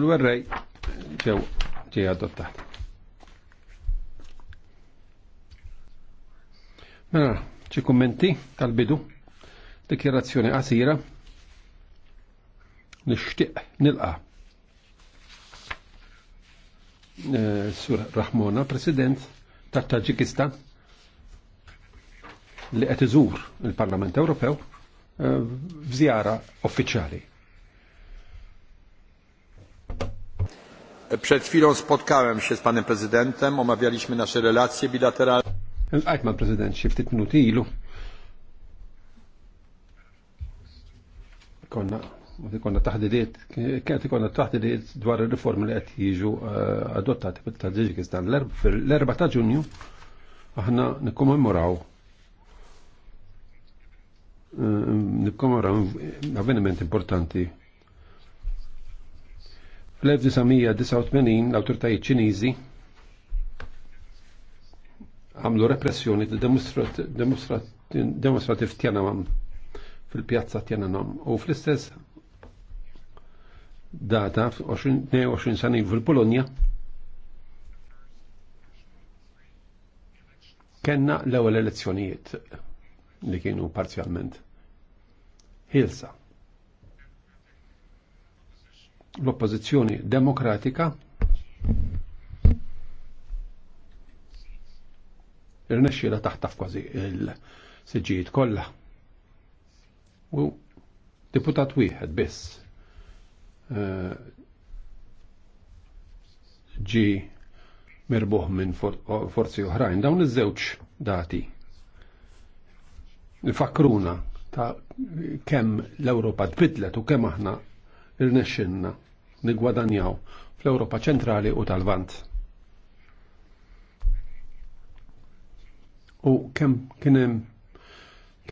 l-werrej ġew ġej adottat. Mela, ċi kummenti tal-bidu, dikjerazzjoni qasira, nixtieq nilqa. Eh, Sur Rahmona, president tat taġikistan li qed iżur il-Parlament Ewropew eh, f'żjara uffiċjali. Przed chwilą spotkałem się z panem prezydentem, omawialiśmy nasze relacje bilateralne. Għajt ma' ilu. Konna, konna taħdidiet, kienet konna taħdidiet dwar il-reformi li jiġu eh, adottati l ta' Ġunju aħna eh, avveniment importanti Fl-1989 l-autoritajiet ċiniżi għamlu repressjoni demonstrativ Tiananmen fil-pjazza Tiananmen u fl-istess data 22 sani fil-Polonja kenna l-ewwel elezzjonijiet li kienu parzjalment ħilsa l-oppozizjoni demokratika irnexxiela taħtaf kważi il-siġijiet kollha. U deputat wieħed biss eh, ġi mirbuħ minn forzi oħrajn. Dawn iż-żewġ dati fakruna ta' kemm l-Ewropa tbidlet u kemm aħna irnexxinna nigwadanjaw fl-Ewropa ċentrali u tal-Vant. U kemm kien hemm